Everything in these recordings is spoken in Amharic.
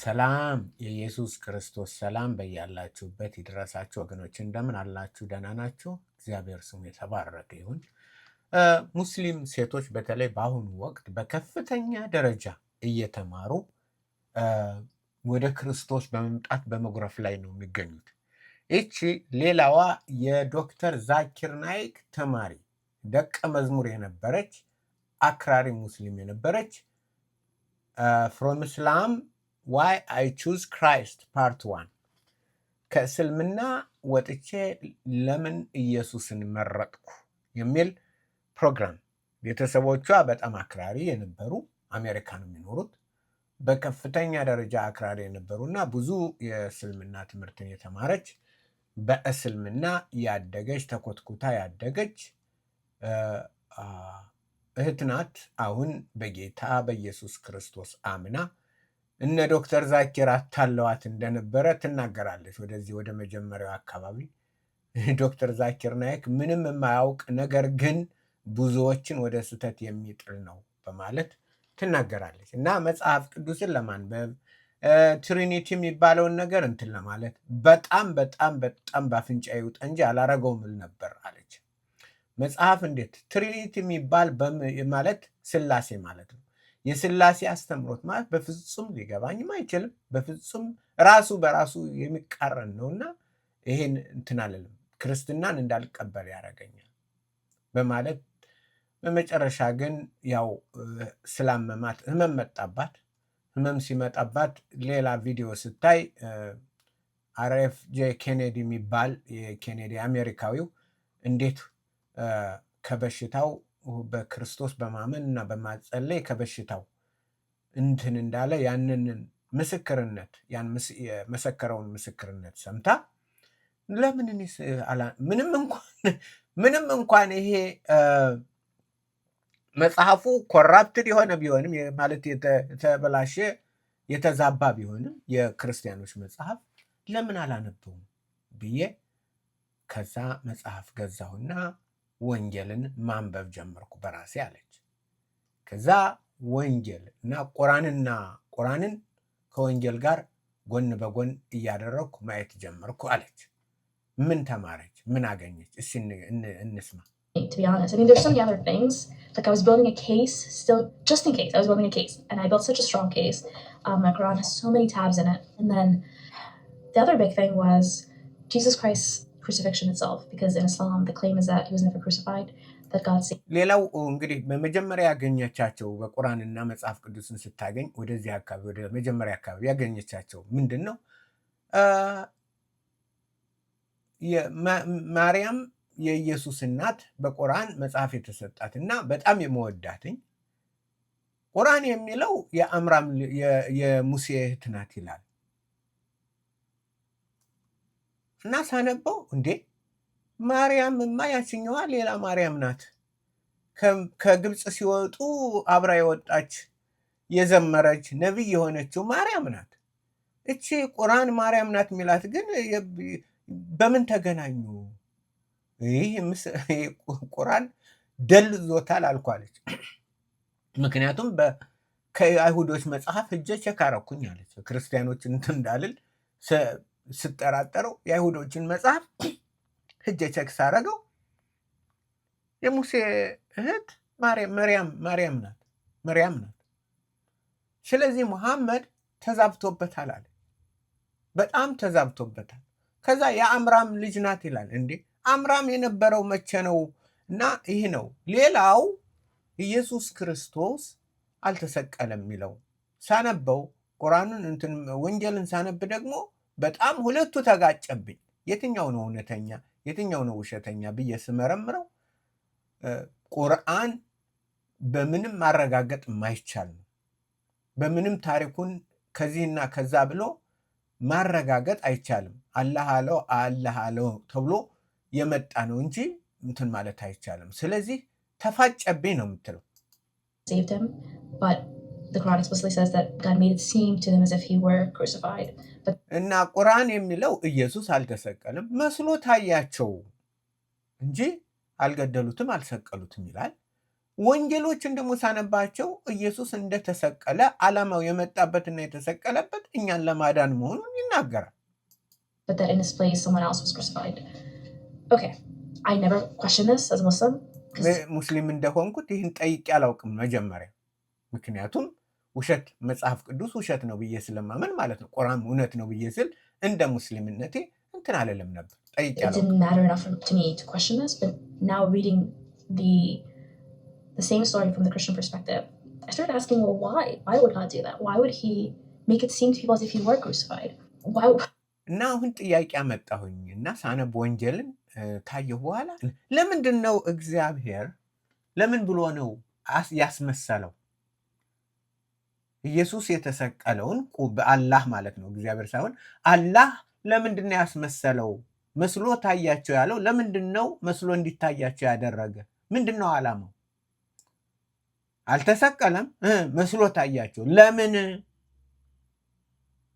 ሰላም የኢየሱስ ክርስቶስ ሰላም በያላችሁበት ይድረሳችሁ ወገኖች፣ እንደምን አላችሁ? ደህና ናችሁ? እግዚአብሔር ስሙ የተባረከ ይሁን። ሙስሊም ሴቶች በተለይ በአሁኑ ወቅት በከፍተኛ ደረጃ እየተማሩ ወደ ክርስቶስ በመምጣት በመጉረፍ ላይ ነው የሚገኙት። ይቺ ሌላዋ የዶክተር ዛኪር ናይክ ተማሪ ደቀ መዝሙር የነበረች አክራሪ ሙስሊም የነበረች ፍሮም እስላም ዋይ አይ ቹዝ ክራይስት ፓርት ዋን ከእስልምና ወጥቼ ለምን ኢየሱስን መረጥኩ የሚል ፕሮግራም። ቤተሰቦቿ በጣም አክራሪ የነበሩ አሜሪካ ነው የሚኖሩት በከፍተኛ ደረጃ አክራሪ የነበሩና ብዙ የእስልምና ትምህርትን የተማረች በእስልምና ያደገች ተኮትኩታ ያደገች እህት ናት። አሁን በጌታ በኢየሱስ ክርስቶስ አምና እነ ዶክተር ዛኪር አታለዋት እንደነበረ ትናገራለች። ወደዚህ ወደ መጀመሪያው አካባቢ ዶክተር ዛኪር ናይክ ምንም የማያውቅ ነገር ግን ብዙዎችን ወደ ስህተት የሚጥል ነው በማለት ትናገራለች እና መጽሐፍ ቅዱስን ለማንበብ ትሪኒቲ የሚባለውን ነገር እንትን ለማለት በጣም በጣም በጣም በአፍንጫ ይውጣ እንጂ አላረገውም ል ነበር አለች። መጽሐፍ እንዴት ትሪኒቲ የሚባል ማለት ስላሴ ማለት ነው የስላሴ አስተምሮት ማለት በፍጹም ሊገባኝም አይችልም። በፍጹም ራሱ በራሱ የሚቃረን ነውና ይሄን እንትን አለልም ክርስትናን እንዳልቀበል ያደርገኛል በማለት በመጨረሻ ግን ያው ስላመማት ህመም መጣባት። ህመም ሲመጣባት ሌላ ቪዲዮ ስታይ አር ኤፍ ጄ ኬኔዲ የሚባል የኬኔዲ አሜሪካዊው እንዴት ከበሽታው በክርስቶስ በማመን እና በማጸለይ ከበሽታው እንትን እንዳለ ያንን ምስክርነት ያን የመሰከረውን ምስክርነት ሰምታ ለምን ምንም እንኳን ምንም እንኳን ይሄ መጽሐፉ ኮራፕትድ የሆነ ቢሆንም ማለት የተበላሸ የተዛባ ቢሆንም የክርስቲያኖች መጽሐፍ ለምን አላነበውም ብዬ ከዛ መጽሐፍ ገዛሁና ወንጌልን ማንበብ ጀመርኩ በራሴ አለች። ከዛ ወንጌል እና ቁራንና ቁራንን ከወንጌል ጋር ጎን በጎን እያደረግኩ ማየት ጀመርኩ አለች። ምን ተማረች? ምን አገኘች? እስኪ እንስማ። ስ crucifixion itself because in Islam the claim is that he was never crucified that God saved ሌላው እንግዲህ በመጀመሪያ ያገኘቻቸው በቁርአንና መጽሐፍ ቅዱስን ስታገኝ ወደዚህ አካባቢ ወደ መጀመሪያ አካባቢ ያገኘቻቸው ምንድን ነው ማርያም የኢየሱስ እናት በቁርአን መጽሐፍ የተሰጣት እና በጣም የመወዳትኝ ቁርአን የሚለው የአምራም የሙሴ እህት ናት ይላል እና ሳነበው እንዴ ማርያምማ ያችኛዋ ሌላ ማርያም ናት። ከግብፅ ሲወጡ አብራ የወጣች የዘመረች ነቢይ የሆነችው ማርያም ናት። እቺ ቁራን ማርያም ናት የሚላት ግን በምን ተገናኙ? ይህ ቁራን ደልዞታል አልኳለች። ምክንያቱም ከአይሁዶች መጽሐፍ እጀ ቸክ አረኩኝ አለች። ክርስቲያኖች እንትን እንዳልል ስጠራጠረው የአይሁዶችን መጽሐፍ ሂጄ ቼክ ሳረገው የሙሴ እህት ማርያም ናት መርያም ናት። ስለዚህ መሐመድ ተዛብቶበታል አለ። በጣም ተዛብቶበታል። ከዛ የአምራም ልጅ ናት ይላል። እንዴ አምራም የነበረው መቼ ነው? እና ይህ ነው ሌላው ኢየሱስ ክርስቶስ አልተሰቀለም የሚለው ሳነበው ቁራኑን እንትን ወንጌልን ሳነብ ደግሞ በጣም ሁለቱ ተጋጨብኝ። የትኛው ነው እውነተኛ የትኛው ነው ውሸተኛ ብዬ ስመረምረው ቁርአን በምንም ማረጋገጥ ማይቻል ነው። በምንም ታሪኩን ከዚህና ከዛ ብሎ ማረጋገጥ አይቻልም። አላህ አለው አላህ አለው ተብሎ የመጣ ነው እንጂ እንትን ማለት አይቻልም። ስለዚህ ተፋጨብኝ ነው የምትለው ቁርአን እና ቁርአን የሚለው ኢየሱስ አልተሰቀልም መስሎ ታያቸው እንጂ አልገደሉትም አልሰቀሉትም ይላል። ወንጌሎችን ደግሞ ሳነባቸው ኢየሱስ እንደተሰቀለ ዓላማው የመጣበትና የተሰቀለበት እኛን ለማዳን መሆኑን ይናገራል። ሙስሊም እንደሆንኩት ይህን ጠይቄ አላውቅም መጀመሪያ ምክንያቱም ውሸት መጽሐፍ ቅዱስ ውሸት ነው ብዬ ስለማመን ማለት ነው። ቁራን እውነት ነው ብዬ ስል እንደ ሙስሊምነቴ እንትን አለለም ነበር ጠይቄያለሁ። እና አሁን ጥያቄ አመጣሁኝ እና ሳነብ ወንጀልን ካየሁ በኋላ ለምንድን ነው እግዚአብሔር ለምን ብሎ ነው ያስመሰለው? ኢየሱስ የተሰቀለውን በአላህ ማለት ነው እግዚአብሔር ሳይሆን አላህ ለምንድን ነው ያስመሰለው? መስሎ ታያቸው ያለው ለምንድን ነው መስሎ እንዲታያቸው ያደረገ? ምንድን ነው አልተሰቀለም፣ መስሎ ታያቸው። ለምን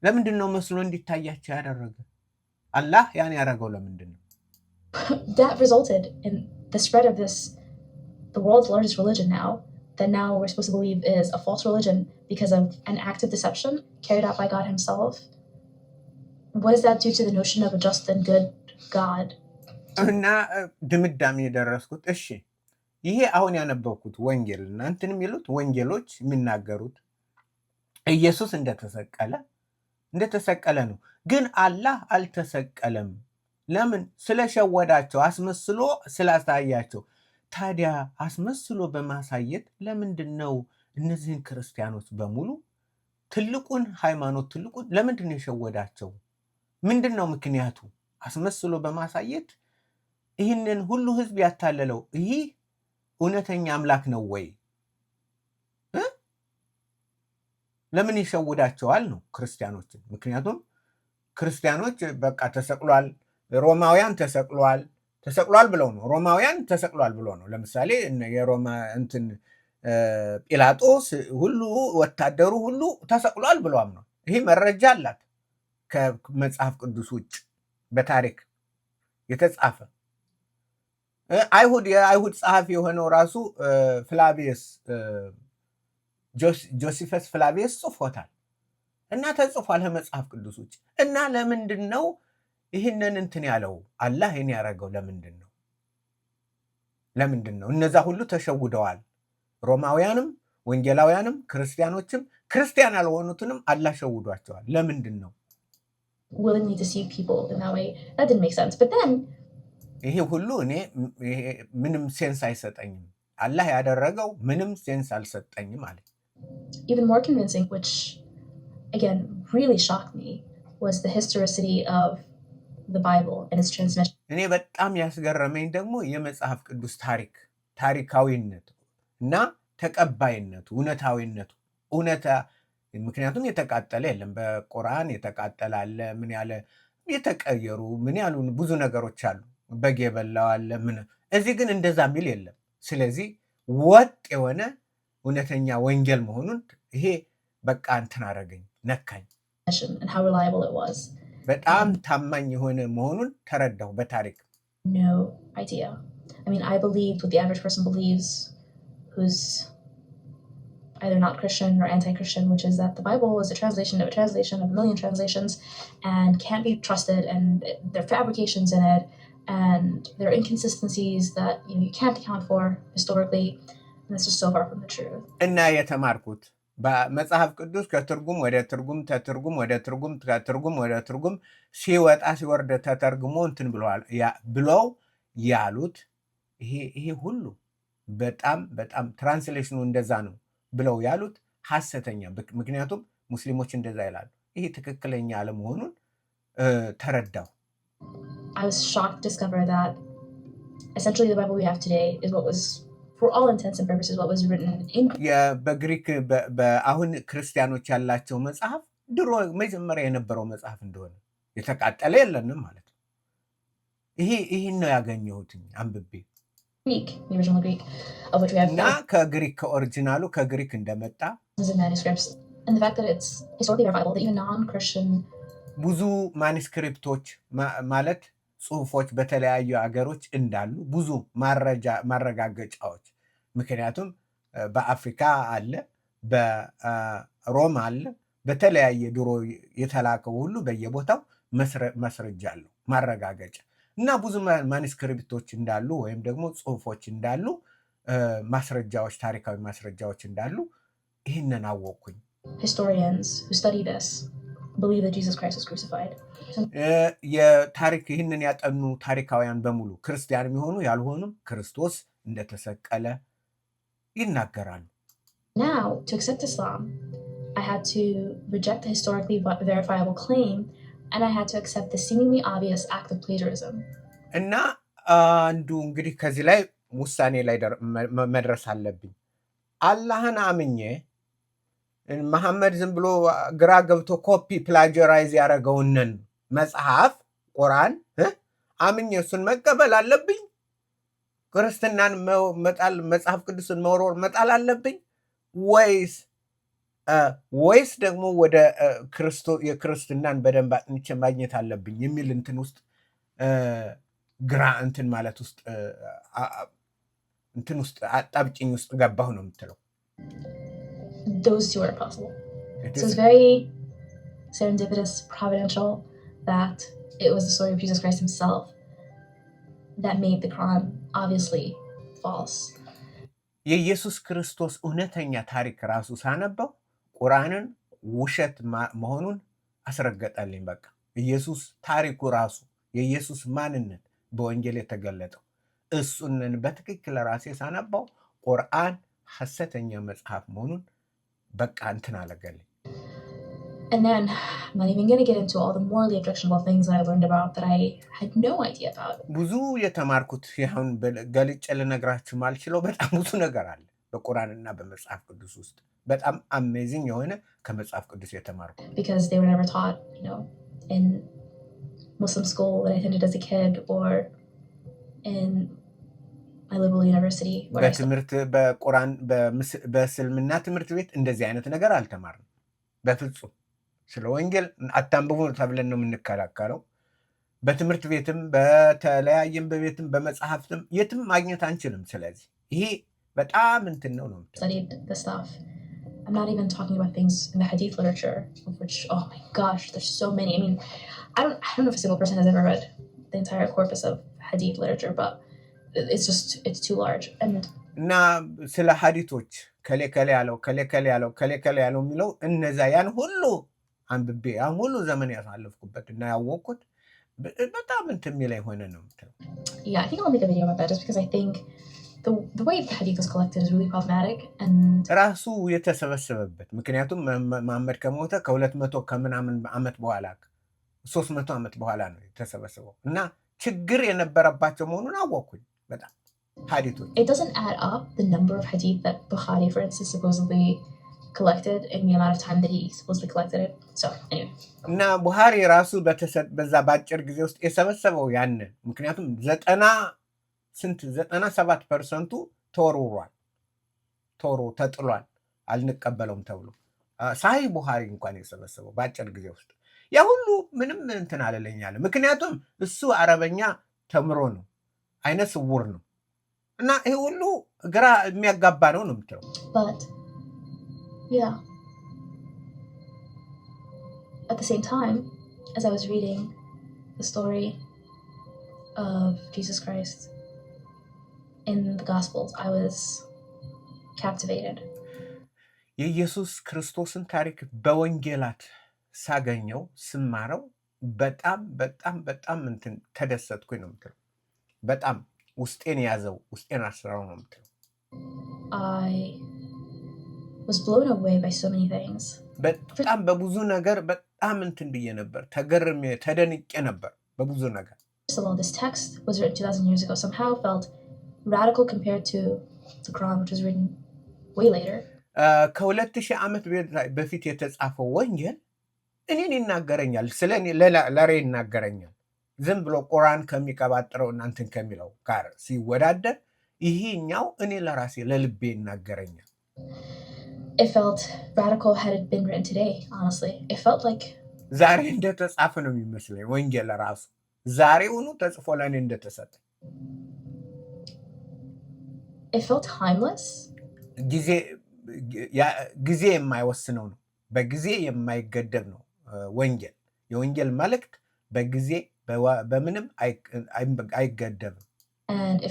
ለምንድን ነው መስሎ እንዲታያቸው ያደረገ? አላህ ያን ያደረገው ለምንድን ነው? That resulted in the spread of this the world's largest religion now that now we're supposed to believe is a false religion because of an act of deception carried out by God Himself. What does that do to the notion of a just and good God? እና ድምዳሜ የደረስኩት እሺ፣ ይሄ አሁን ያነበብኩት ወንጌል እና እንትን የሚሉት ወንጌሎች የሚናገሩት ኢየሱስ እንደተሰቀለ እንደተሰቀለ ነው። ግን አላህ አልተሰቀለም። ለምን? ስለሸወዳቸው፣ አስመስሎ ስላሳያቸው ታዲያ አስመስሎ በማሳየት ለምንድን ነው እነዚህን ክርስቲያኖች በሙሉ ትልቁን ሃይማኖት ትልቁን ለምንድን ነው የሸወዳቸው? ምንድን ነው ምክንያቱ? አስመስሎ በማሳየት ይህንን ሁሉ ህዝብ ያታለለው ይህ እውነተኛ አምላክ ነው ወይ? ለምን ይሸውዳቸዋል ነው ክርስቲያኖችን? ምክንያቱም ክርስቲያኖች በቃ ተሰቅሏል፣ ሮማውያን ተሰቅሏል ተሰቅሏል ብለው ነው። ሮማውያን ተሰቅሏል ብሎ ነው። ለምሳሌ የሮማ እንትን ጲላጦስ ሁሉ ወታደሩ ሁሉ ተሰቅሏል ብሏም ነው። ይህ መረጃ አላት ከመጽሐፍ ቅዱስ ውጭ በታሪክ የተጻፈ አይሁድ የአይሁድ ጸሐፊ የሆነው ራሱ ፍላቪየስ ጆሲፈስ ፍላቪየስ ጽፎታል እና ተጽፏል ከመጽሐፍ ቅዱስ ውጭ እና ለምንድን ነው ይህንን እንትን ያለው አላህ ይህን ያደረገው ለምንድን ነው? ለምንድን ነው? እነዛ ሁሉ ተሸውደዋል። ሮማውያንም፣ ወንጌላውያንም፣ ክርስቲያኖችም ክርስቲያን ያልሆኑትንም አላህ ሸውዷቸዋል። ለምንድን ነው? ይሄ ሁሉ እኔ ምንም ሴንስ አይሰጠኝም። አላህ ያደረገው ምንም ሴንስ አልሰጠኝም ማለት ነው። እኔ በጣም ያስገረመኝ ደግሞ የመጽሐፍ ቅዱስ ታሪክ ታሪካዊነቱ እና ተቀባይነቱ እውነታዊነቱ እውነታ ምክንያቱም የተቃጠለ የለም። በቁርአን የተቃጠለ አለ፣ ምን ያለ የተቀየሩ ምን ያሉ ብዙ ነገሮች አሉ። በግ የበላው አለ ምን። እዚህ ግን እንደዛ የሚል የለም። ስለዚህ ወጥ የሆነ እውነተኛ ወንጌል መሆኑን ይሄ በቃ እንትን አረገኝ ነካኝ። በጣም ታማኝ የሆነ መሆኑን በታሪክ no idea. I mean, I believe what the average person believes who's either not Christian or anti Christian, which is that the Bible is a translation of a translation of a million translations and can't be trusted, and there are fabrications in it, and there are inconsistencies that you, know, you can't account for historically, and this just so far from the truth. በመጽሐፍ ቅዱስ ከትርጉም ወደ ትርጉም ተትርጉም ወደ ትርጉም ከትርጉም ወደ ትርጉም ሲወጣ ሲወርድ ተተርግሞ እንትን ብለው ያሉት ይሄ ሁሉ በጣም በጣም ትራንስሌሽኑ እንደዛ ነው ብለው ያሉት ሐሰተኛ። ምክንያቱም ሙስሊሞች እንደዛ ይላሉ። ይሄ ትክክለኛ አለመሆኑን ተረዳው። I was shocked to discover that essentially the Bible we have today is what was በግሪክ አሁን ክርስቲያኖች ያላቸው መጽሐፍ ድሮ መጀመሪያ የነበረው መጽሐፍ እንደሆነ የተቃጠለ የለንም ማለት ነው። ይሄ ይህን ነው ያገኘሁትኝ አንብቤ እና ከግሪክ ከኦሪጂናሉ ከግሪክ እንደመጣ ብዙ ማኒስክሪፕቶች ማለት ጽሁፎች በተለያዩ ሀገሮች እንዳሉ ብዙ ማረጋገጫዎች ምክንያቱም በአፍሪካ አለ፣ በሮም አለ፣ በተለያየ ድሮ የተላከው ሁሉ በየቦታው መስረጃ አለ ማረጋገጫ እና ብዙ ማኒስክሪፕቶች እንዳሉ ወይም ደግሞ ጽሁፎች እንዳሉ ማስረጃዎች፣ ታሪካዊ ማስረጃዎች እንዳሉ ይህንን አወቅኩኝ። የታሪክ ይህንን ያጠኑ ታሪካውያን በሙሉ ክርስቲያን የሚሆኑ ያልሆኑም ክርስቶስ እንደተሰቀለ ይናገራሉ። እና አንዱ እንግዲህ ከዚህ ላይ ውሳኔ ላይ መድረስ አለብኝ። አላህን አምኜ መሐመድ ዝም ብሎ ግራ ገብቶ ኮፒ ፕላጀራይዝ ያደረገውንን መጽሐፍ ቁርአን አምኜ እሱን መቀበል አለብኝ? ክርስትናን መጣል መጽሐፍ ቅዱስን መውረር መጣል አለብኝ ወይስ ወይስ ደግሞ ወደ የክርስትናን በደንብ አጥንቼ ማግኘት አለብኝ የሚል እንትን ውስጥ ግራ እንትን ማለት ውስጥ እንትን ውስጥ አጣብጭኝ ውስጥ ገባሁ ነው የምትለው። those two are possible. It so it's very serendipitous, providential that it was the story of Jesus Christ himself that made the Quran obviously false. የኢየሱስ ክርስቶስ እውነተኛ ታሪክ ራሱ ሳነበው ቁርአንን ውሸት መሆኑን አስረገጠልኝ። በቃ ኢየሱስ ታሪኩ ራሱ የኢየሱስ ማንነት በወንጌል የተገለጠው እሱንን በትክክል ራሴ ሳነባው ቁርአን ሐሰተኛ መጽሐፍ መሆኑን በቃ እንትን አለገል ብዙ የተማርኩት ይሁን ገልጬ ልነግራችሁ ማልችለው በጣም ብዙ ነገር አለ በቁርአንና በመጽሐፍ ቅዱስ ውስጥ በጣም አሜዚንግ የሆነ ከመጽሐፍ ቅዱስ የተማርኩ ሙስሊም ስኩል በትምህርት በእስልምና ትምህርት ቤት እንደዚህ አይነት ነገር አልተማርንም በፍጹም። ስለ ወንጌል አታንብቡ ተብለን ነው የምንከላከለው። በትምህርት ቤትም በተለያየም በቤትም በመጽሐፍትም የትም ማግኘት አንችልም። ስለዚህ ይሄ በጣም እንትን ነው ነው የምትለው እና ስለ ሀዲቶች ከሌ ከሌ ያለው ከሌ ከሌ ያለው ከሌ ከሌ ያለው የሚለው እነዛ ያን ሁሉ አንብቤ ያን ሁሉ ዘመን ያሳለፍኩበት እና ያወቅኩት በጣም እንትን የሚለኝ ሆነ ነው። ራሱ የተሰበሰበበት ምክንያቱም መሐመድ ከሞተ ከሁለት መቶ ከምናምን ዓመት በኋላ ሶስት መቶ ዓመት በኋላ ነው የተሰበሰበው እና ችግር የነበረባቸው መሆኑን አወቅኩኝ። በጣም ሀዲቶች እና ቡሃሪ ራሱ በዛ በአጭር ጊዜ ውስጥ የሰበሰበው ያን ምክንያቱም ዘጠና ስንት ዘጠና ሰባት ፐርሰንቱ ተወርውሯል፣ ተወሮ ተጥሏል፣ አልንቀበለውም ተብሎ ሳሂ ቡሃሪ እንኳን የሰበሰበው በአጭር ጊዜ ውስጥ ያ ሁሉ ምንም እንትን አለለኛለ። ምክንያቱም እሱ አረበኛ ተምሮ ነው አይነ ስውር ነው እና ይሄ ሁሉ ግራ የሚያጋባ ነው ነው የምትለው። የኢየሱስ ክርስቶስን ታሪክ በወንጌላት ሳገኘው ስማረው በጣም በጣም በጣም እንትን ተደሰትኩኝ ነው የምትለው። በጣም ውስጤን የያዘው ውስጤን አስራው ነው የምትለው። በጣም በብዙ ነገር በጣም እንትን ብዬ ነበር፣ ተገርሜ ተደንቄ ነበር በብዙ ነገር። uh, ከሁለት ሺህ ዓመት በፊት የተጻፈው ወንጌል እኔን ይናገረኛል፣ ስለ ለሬ ይናገረኛል ዝም ብሎ ቁራን ከሚቀባጥረው እናንትን ከሚለው ጋር ሲወዳደር ይሄኛው እኔ ለራሴ ለልቤ ይናገረኛል። ዛሬ እንደተጻፈ ነው የሚመስለኝ ወንጌል ራሱ ዛሬውኑ ተጽፎ ለእኔ እንደተሰጠ ጊዜ የማይወስነው ነው። በጊዜ የማይገደብ ነው ወንጌል። የወንጌል መልእክት በጊዜ በምንም አይገደብም። and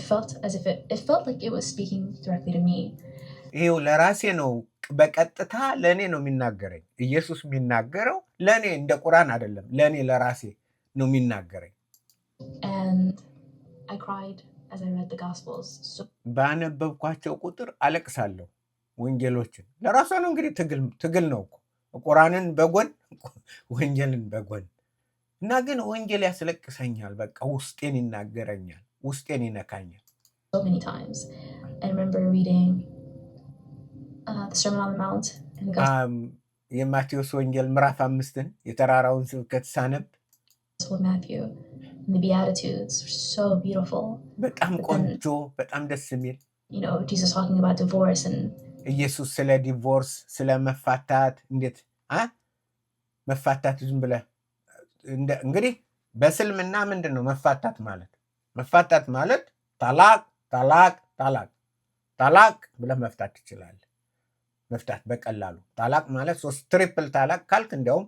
ይሄው ለራሴ ነው፣ በቀጥታ ለእኔ ነው የሚናገረኝ። ኢየሱስ የሚናገረው ለእኔ እንደ ቁራን አይደለም፣ ለእኔ ለራሴ ነው የሚናገረኝ። and i ባነበብኳቸው ቁጥር አለቅሳለሁ። ወንጌሎችን ለራሷ ነው እንግዲህ ትግል ነው እኮ ቁራንን በጎን ወንጌልን በጎን እና ግን ወንጌል ያስለቅሰኛል። በቃ ውስጤን ይናገረኛል፣ ውስጤን ይነካኛል። uh, um, የማቴዎስ ወንጌል ምዕራፍ አምስትን የተራራውን ስብከት ሳነብ በጣም ቆንጆ፣ በጣም ደስ የሚል ኢየሱስ ስለ ዲቮርስ ስለ መፋታት እንዴት መፋታት ዝም ብለህ እንግዲህ በስልምና ምንድን ነው መፋታት ማለት? መፋታት ማለት ታላቅ ታላቅ ታላቅ ታላቅ ብለህ መፍታት ትችላለህ። መፍታት በቀላሉ ታላቅ ማለት ሶስት ትሪፕል ታላቅ ካልክ እንዲያውም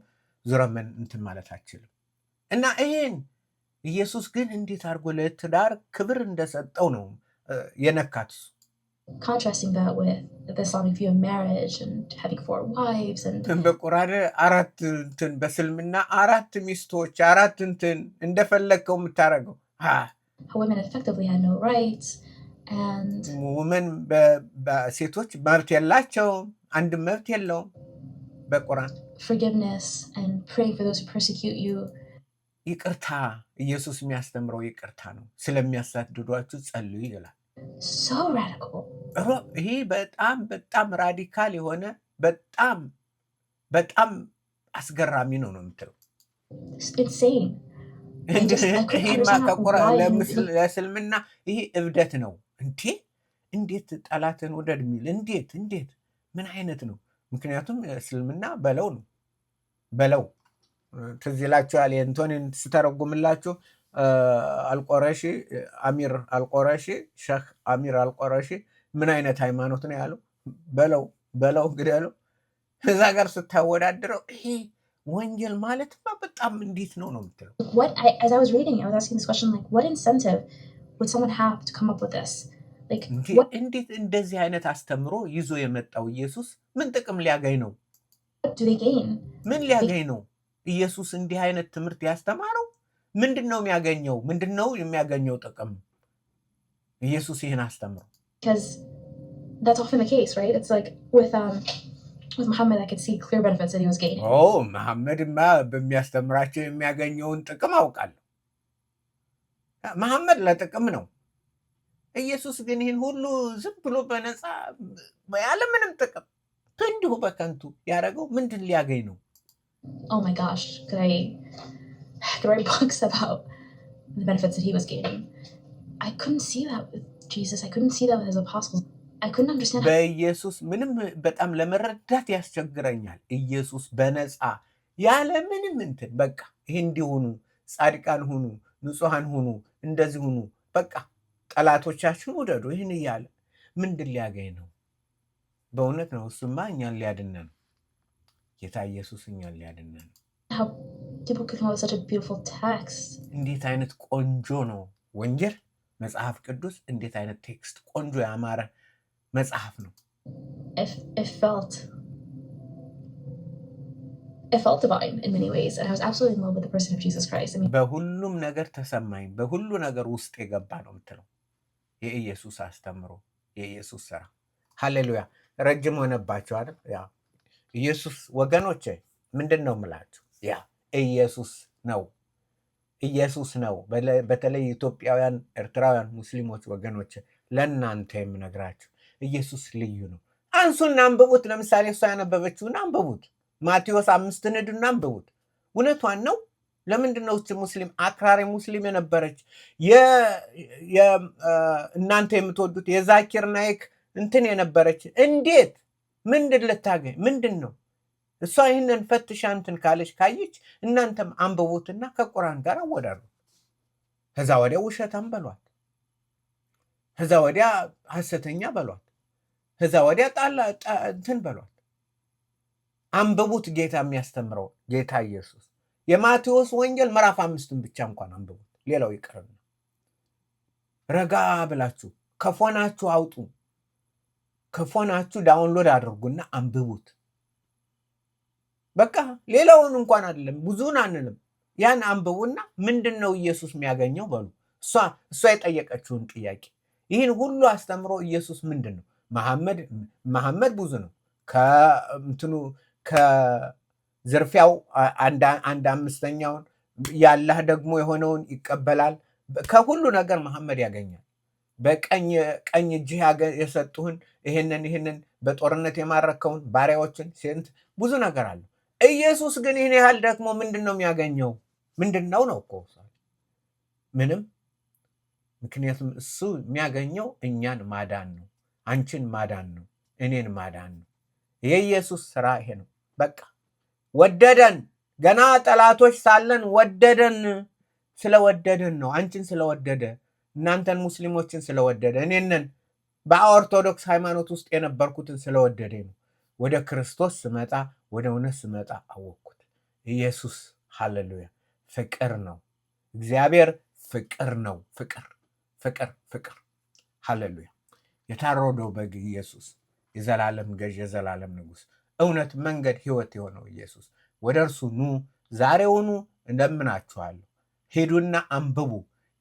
ዙረምን እንትን ማለት አችልም። እና ይሄን ኢየሱስ ግን እንዴት አድርጎ ለትዳር ክብር እንደሰጠው ነው የነካት እሱ contrasting that with the Islamic view of marriage and having four wives and በቁርአን አራት እንትን በስልምና አራት ሚስቶች አራት እንትን እንደፈለግከው የምታደርገው how women effectively had no rights and ውመን ሴቶች መብት የላቸውም። አንድ መብት የለውም በቁርአን forgiveness and praying for those who persecute you ይቅርታ፣ ኢየሱስ የሚያስተምረው ይቅርታ ነው። ስለሚያሳድዷችሁ ጸልዩ ይላል። So radical. ይሄ በጣም በጣም ራዲካል የሆነ በጣም በጣም አስገራሚ ነው ነው የምትለው። ለእስልምና ይሄ እብደት ነው እንዴ! እንዴት ጠላትን ውደድ የሚል እንዴት እንዴት ምን አይነት ነው? ምክንያቱም እስልምና በለው ነው በለው ትዝ ይላችኋል። የእንቶኒን ስተረጉምላችሁ አልቆረሺ አሚር አልቆረሺ ሸህ አሚር አልቆረሺ ምን አይነት ሃይማኖት ነው ያለው? በለው በለው እንግዲህ ያለው እዛ ጋር ስታወዳድረው ይሄ ወንጀል ማለት በጣም እንዴት ነው ነው የምትለው። እንዴት እንደዚህ አይነት አስተምሮ ይዞ የመጣው ኢየሱስ ምን ጥቅም ሊያገኝ ነው? ምን ሊያገኝ ነው ኢየሱስ እንዲህ አይነት ትምህርት ያስተማረ? ምንድን ነው የሚያገኘው? ምንድን ነው የሚያገኘው ጥቅም? ኢየሱስ ይህን አስተምሮ መሐመድማ um, oh, በሚያስተምራቸው የሚያገኘውን ጥቅም አውቃለሁ። መሐመድ ለጥቅም ነው። ኢየሱስ ግን ይህን ሁሉ ዝም ብሎ በነፃ ያለምንም ጥቅም እንዲሁ በከንቱ ያደረገው ምንድን ሊያገኝ ነው? Oh to write books about the benefits that he was gaining. I couldn't see that with Jesus. I couldn't see that with his apostles. I couldn't understand. በኢየሱስ ምንም በጣም ለመረዳት ያስቸግረኛል። ኢየሱስ በነፃ ያለ ምንም እንትን በቃ ይሄ እንዲሆኑ ጻድቃን ሁኑ፣ ንጹሐን ሁኑ፣ እንደዚህ ሁኑ፣ በቃ ጠላቶቻችሁን ውደዱ፣ ይህን እያለ ምንድን ሊያገኝ ነው? በእውነት ነው። እሱማ እኛን ሊያድነን ጌታ ኢየሱስ እኛን ሊያድነን ነው። እንዴት አይነት ቆንጆ ነው ወንጌል መጽሐፍ ቅዱስ! እንዴት አይነት ቴክስት ቆንጆ ያማረ መጽሐፍ ነው። በሁሉም ነገር ተሰማኝ፣ በሁሉ ነገር ውስጥ የገባ ነው የምትለው የኢየሱስ አስተምሮ የኢየሱስ ስራ። ሀሌሉያ ረጅም ሆነባቸው አይደል? ኢየሱስ ወገኖች፣ ምንድን ነው ምላቸው ያ ኢየሱስ ነው፣ ኢየሱስ ነው። በተለይ ኢትዮጵያውያን፣ ኤርትራውያን፣ ሙስሊሞች ወገኖች ለእናንተ የምነግራችሁ ኢየሱስ ልዩ ነው። አንሱና አንብቡት። ለምሳሌ እሷ ያነበበችውን አንብቡት። ማቴዎስ አምስትን ሂዱና አንብቡት። እውነቷን ነው። ለምንድን ነው ሙስሊም አክራሪ ሙስሊም የነበረች እናንተ የምትወዱት የዛኪር ናይክ እንትን የነበረች እንዴት ምንድን ልታገኝ ምንድን ነው እሷ ይህንን ፈትሻ እንትን ካለች ካየች እናንተም አንብቡትና ከቁራን ጋር አወዳሉ። ከዛ ወዲያ ውሸታም በሏት፣ ከዛ ወዲያ ሐሰተኛ በሏት፣ ከዛ ወዲያ ጣላ እንትን በሏት። አንብቡት ጌታ የሚያስተምረው ጌታ ኢየሱስ የማቴዎስ ወንጌል ምዕራፍ አምስትን ብቻ እንኳን አንብቡት። ሌላው ይቅርና ረጋ ብላችሁ ከፎናችሁ አውጡ፣ ከፎናችሁ ዳውንሎድ አድርጉና አንብቡት። በቃ ሌላውን እንኳን አይደለም ብዙን አንልም። ያን አንብቡና ምንድን ነው ኢየሱስ የሚያገኘው በሉ። እሷ እሷ የጠየቀችውን ጥያቄ ይህን ሁሉ አስተምሮ ኢየሱስ ምንድን ነው? መሐመድ ብዙ ነው ከእንትኑ ከዝርፊያው አንድ አምስተኛውን ያላህ ደግሞ የሆነውን ይቀበላል። ከሁሉ ነገር መሐመድ ያገኛል። በቀኝ እጅህ የሰጡህን ይህንን ይህንን በጦርነት የማረከውን ባሪያዎችን ሴንት ብዙ ነገር አለው። ኢየሱስ ግን ይህን ያህል ደግሞ ምንድን ነው የሚያገኘው? ምንድን ነው ነው እኮ ምንም። ምክንያቱም እሱ የሚያገኘው እኛን ማዳን ነው፣ አንቺን ማዳን ነው፣ እኔን ማዳን ነው። የኢየሱስ ስራ ይሄ ነው። በቃ ወደደን፣ ገና ጠላቶች ሳለን ወደደን። ስለወደደን ነው አንቺን ስለወደደ እናንተን ሙስሊሞችን ስለወደደ እኔንን በኦርቶዶክስ ሃይማኖት ውስጥ የነበርኩትን ስለወደደ ነው። ወደ ክርስቶስ ስመጣ ወደ እውነት ስመጣ አወቅኩት። ኢየሱስ ሃሌሉያ ፍቅር ነው። እግዚአብሔር ፍቅር ነው። ፍቅር ፍቅር ፍቅር ሃሌሉያ የታረደው በግ ኢየሱስ የዘላለም ገዥ የዘላለም ንጉስ እውነት፣ መንገድ፣ ህይወት የሆነው ኢየሱስ ወደ እርሱ ኑ ዛሬውኑ እንደምናችኋለሁ። ሂዱና አንብቡ።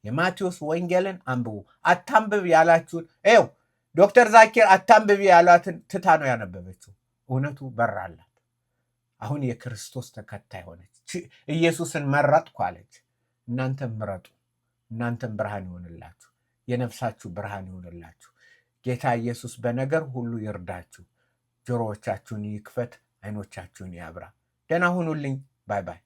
የማቴዎስ ወንጌልን አንብቡ። አታንብብ ያላችሁን ው ዶክተር ዛኪር አታንብብ ያሏትን ትታ ነው ያነበበችው። እውነቱ በራለ አሁን የክርስቶስ ተከታይ ሆነች። ኢየሱስን መረጥኩ አለች። እናንተም ምረጡ፣ እናንተም ብርሃን ይሆንላችሁ፣ የነፍሳችሁ ብርሃን ይሆንላችሁ። ጌታ ኢየሱስ በነገር ሁሉ ይርዳችሁ። ጆሮዎቻችሁን ይክፈት፣ አይኖቻችሁን ያብራ። ደህና ሁኑልኝ። ባይ ባይ።